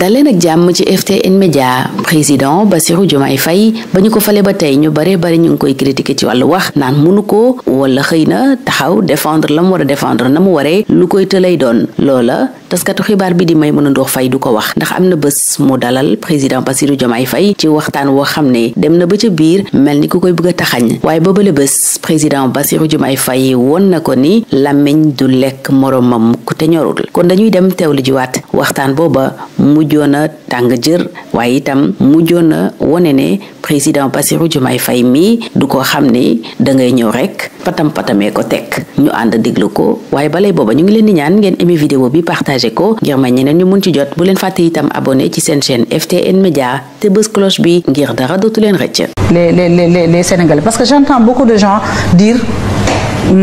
daleen nag jàmm ci FTN Média président Bassirou Diomaye Faye ba ñu ko falee ba tey ñu bare bari ñu ngi koy critiquer ci wàllu wax naan munu ko wala xëy na taxaw défendre la mu war a défendre na mu waree lu koy tëlay doon loola taskatu xibaar bi di a Ndour fay du ko wax ndax am na bés mu dalal président Bassirou Diomaye fay ci waxtaan woo xam ne dem na ba ca biir mel ni ku koy bëgg a taxañ waaye boobale bés président Bassirou Diomaye Faye woon na ko ni làmmiñ du lekk moroomam mukk te ñorul kon dañuy dem teew lu jiwaat waxtaan booba mujjoon na tàng jër waaye itam mujjoon na wone ne président Bassirou Diomaye fay mii du ko xam ne dangay ñëw rek patam patamee ko tek ñu and diglu ko waye balay booba ñu ngi leen di ñaan ngeen émi vidéo bi partager ko ngir ma ñeneen ñu mun ci jot bu leen faté itam abonné ci seen chaîne FTN Média té bëss cloche bi ngir dara dootu leen rëcc. les les les les Sénégalais parce que j'entends beaucoup de gens dire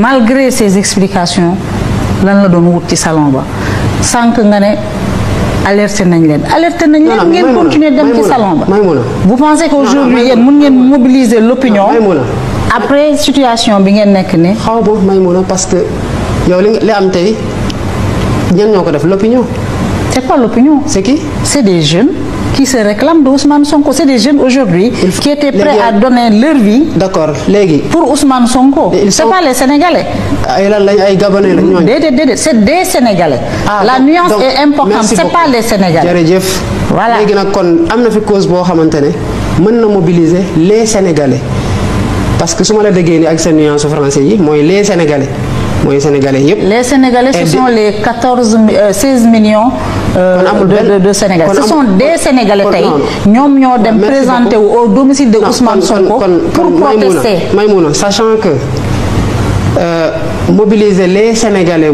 malgré ces explications lan la doon wut ci salon ba sank nga né alerté nañ leen alerté nañ leen ngeen continuer dem ci salon ba vous pensez qu'aujourd'hui yéen mën ngeen mobiliser l'opinion après situation bi ngeen nek ne xaw ma may parce que yow li am tay ñan ñoko def l'opinion c'est pas l'opinion c'est qui c'est des jeunes qui se réclament d'Ousmane Sonko c'est des jeunes aujourd'hui qui étaient prêts à donner leur vie d'accord légui pour Ousmane Sonko c'est pas les Sénégalais ay lan ay Gabonais lañ ñooñu déedéet déedéet c'est des Sénégalais ah, la nuance est importante c'est pas les Sénégalais jërëjëf voilà légui nak kon amna fi cause bo xamante ne na mobiliser les Sénégalais parce que ce que la déggee avec ak français yi les sénégalais sénégalais les sénégalais ce sont les 16 euh, millions. Euh, de sénégalais ce sont des sénégalais qui ont ñoo présenté au domicile de Ousmane Sonko pour protester sachant que euh, mobiliser les sénégalais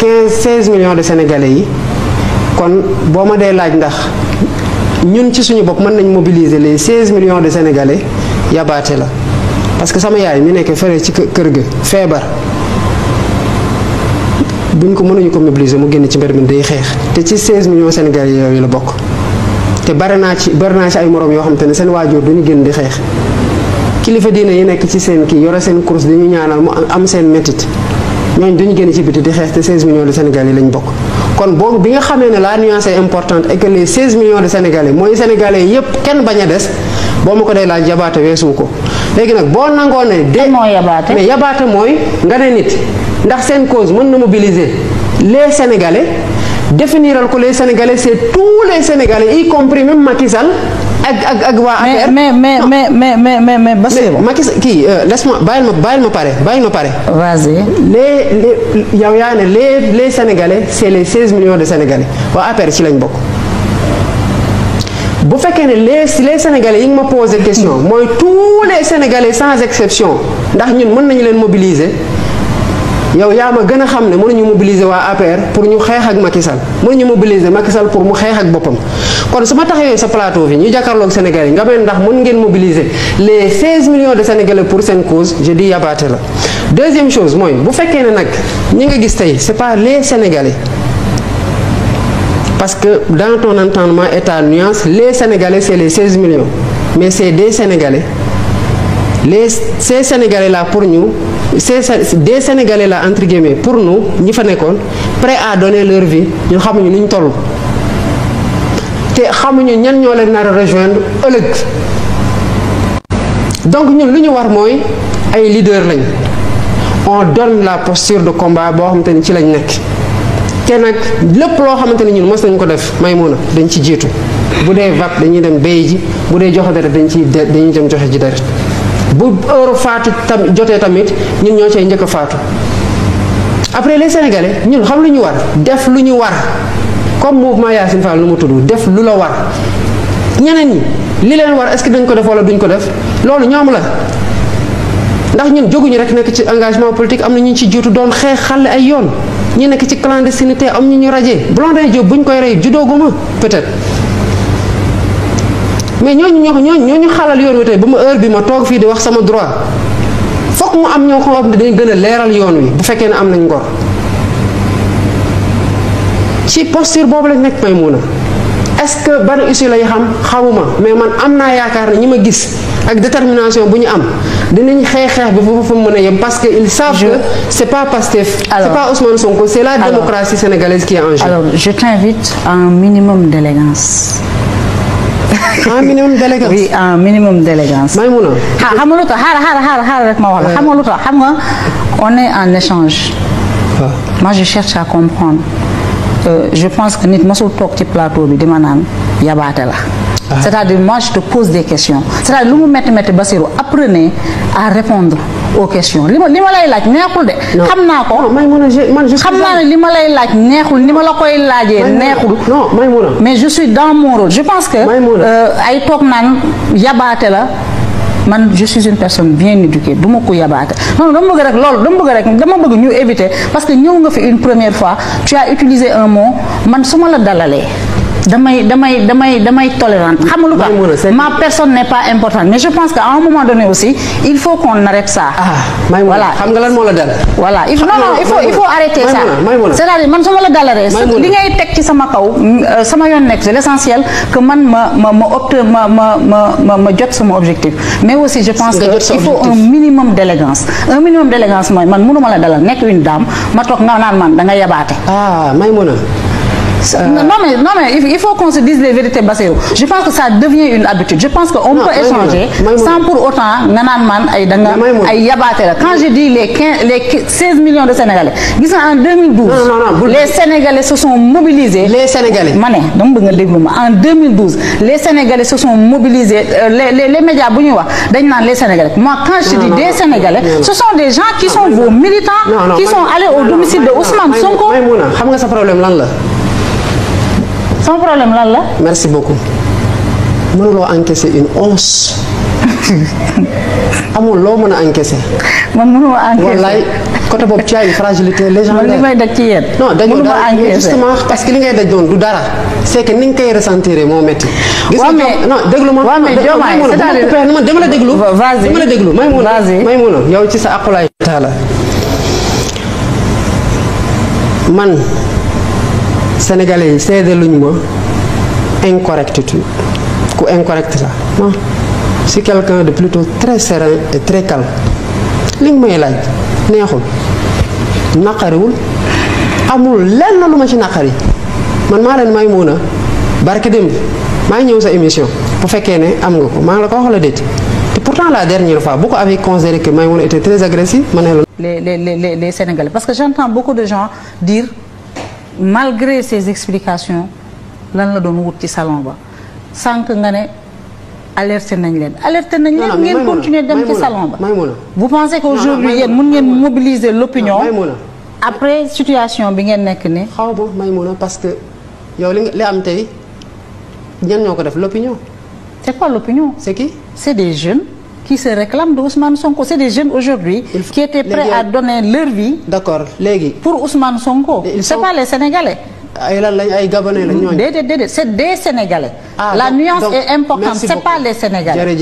15-16 millions de sénégalais yi kon boo laaj ndax les 16 millions de sénégalais la. parce que sama yaay mi nekk fere ci kër ga feebar buñ ko mënuñu ko mobiliser mu génn ci mbir mi day xeex te ci 16 millions Sénégalais yooyu la bokk te bare naa ci bare naa ci ay moroom yoo xam te ne seen waajur ñu génn di xeex kilifa diine yi nekk ci seen kii yore seen course ñu ñaanal mu am seen métit ñooñu dañu génn ci biti di xeex te 16 millions de Sénégalais lañ bokk kon boobu bi nga xamee ne la nuance est importante et que les 16 millions mooy Sénégalais yépp kenn bañ des boo ma ko dee laaj jabaate weesu ko mais nak bo mais nit cause mobiliser les sénégalais définir ko les sénégalais c'est tous les sénégalais y compris même Macky mais mais mais mais mais mais mais mais euh, laisse-moi vas-y les sénégalais c'est les 16 millions de sénégalais ci bu fekkee les les sénégalais yi nga ma posé question mooy tous les sénégalais sans exception ndax ñun mën nañu leen mobiliser yow yaa ma gën a xam ne mobiliser wa APR pour ñu xeex ak Macky Sall ñu mobiliser Macky Sall pour mu xeex ak bopam kon su taxawé sa plateau bi ñu jàkkaarloog Sénégalais nga mel ndax mën ngeen mobiliser les 16 millions de sénégalais pour cette cause je dis yabaate la deuxième chose moy bu fekkee ne nag ñi nga gis tay c'est pas les sénégalais. Parce que dans ton entendement et ta nuance, les Sénégalais, c'est les 16 millions. Mais c'est des Sénégalais. ces Sénégalais-là, pour nous, ces, des Sénégalais-là, entre guillemets, pour nous, nous sommes prêts à donner leur vie. Nous savons nous sommes te xamuñu ñan ñoo nous rejoindre donc nous, lu ñu war leaders. ay leader on donne la posture de combat à Bord, te nag lépp loo xamante ni ñun mos nañ ko def may mun a dañ ci jiitu bu dee vape dañuy dem bay ji bu dee joxe deret dañ ci dañuy dem joxe ji deret bu heure faatu tam jotee tamit ñun ñoo cay njëkk a faatu après les sénégalais ñun xam lu ñu war def lu ñu war comme mouvement Yacine Fall lu mu tudd def lu la war ñeneen ñi li leen war est-ce que dañ ko def wala duñ ko def loolu ñoom la ndax ñun joguñu rek nekk ci engagement politique am na ñu ci jiitu doon xeex xale ay yoon. ñi nekk ci clandestinité am ñu ñu rajé Blondin job buñ koy rey juddooguma peut-être mais ñooñu ñoo ñoo ñoo ñu xalal yoon wi tey ba ma heure bi ma toog fii di wax sama droit fokk mu am ñoo xam ne dañ gën a leeral yoon wi bu fekkee ne am nañ ngor ci posture boobu lañ nekk may muuna est ce que ban issue lay xam xamuma mais man am naa yaakaar ne ñi ma gis ak détermination bu am bi parce que ils savent que c'est pas Pastef c'est pas Ousmane Sonko c'est la démocratie sénégalaise qui est en jeu alors je t'invite à un minimum d'élégance un minimum d'élégance oui un minimum d'élégance Maïmouna rek ma on est en échange ah. moi je cherche à comprendre euh, je pense que nit mosul sur ci plateau bi dima naan yabaate la c'est-à-dire, moi, je te pose des questions. C'est-à-dire, nous mettons, mettons, Bassirou, apprenez à répondre aux questions. li ma li ma lay laaj neexul de. xam ko xam naa ne li ma lay laaj neexul ni la koy laajee non mais je suis dans mon rôle je pense que. Euh, ay toog naan yabaate la. man je suis une personne bien éduquée du ma ko yabaate non dama bëgg rek loolu dama bëgg rek dama bëgg ñu éviter parce que ñëw nga fi une première fois tu as utilisé un mot man su la dalalee damay damay damay damay tolérante xam nga lu ma personne n'est pas importante mais je pense qu'à un moment donné aussi il faut qu'on arrête ça. ah voilà xam nga lan moo la dal. voilà il faut ah, non non il faut il faut arrêter ça c'est-à-dire man su ma la dalaree. li ngay teg ci sama kaw euh, sama yoon nekk l'essentiel que man ma ma ma opte ma ma ma ma ma jot sama objectif. mais aussi je pense que il faut un minimum d'élégance un minimum d'élégance mooy man mënuma la dalal nekk une dame ma toog nga naan man da nga yabaate. ah mona euh, non, mais, non, mais il faut qu'on se dise les vérités, baséo. Je pense que ça devient une habitude. Je pense qu'on peut échanger sans pour autant Quand je dis les, 15, les 16 millions de Sénégalais, en 2012, les Sénégalais se sont mobilisés. Les Sénégalais. en 2012, les Sénégalais se sont mobilisés. Euh, les, les, les médias, les Sénégalais. Moi, quand je dis des Sénégalais, ce sont des gens qui sont vos militants, qui sont allés au domicile de Ousmane Sonko. problème son problème lan la merci beaucoup mënuloo encaisser une once amul a encaisser man mënuma encaisser wallaay côté boobu ci ay fragilité les gens daj ci yéen non dañu dara justement parce que li ngay daj doon du dara c'est que ni nga ressentir moo métti gis nga non déglu ma mais jomaay c'est-à-dire man dama la déglu vas-y dama la may may yow ci sa taala man sénégalais c'est de incorrectitude ku quelqu'un de plutôt très serein et très calme je veux laaj amul man émission la pourtant la dernière fois beaucoup avaient considéré que Maïmouna était très agressif, les les les les Sénégalais parce que j'entends beaucoup de gens dire malgré ces explications lan la donne wut ci salon ba sank nga ne alerter nañ len alerter nañ len ngeen continuer dem ci salon ba vous pensez qu'aujourd'hui nous mun ngeen mobiliser l'opinion après situation bi ngeen nek ni xaw bo parce que yow li am tay ñan ñoko def l'opinion c'est quoi l'opinion c'est qui c'est des jeunes qui se réclament d'Ousmane Sonko. C'est des jeunes aujourd'hui qui étaient prêts à donner leur vie pour Ousmane Sonko. Ce pas les Sénégalais. C'est des Sénégalais. Ah, La nuance est importante. Ce pas les Sénégalais.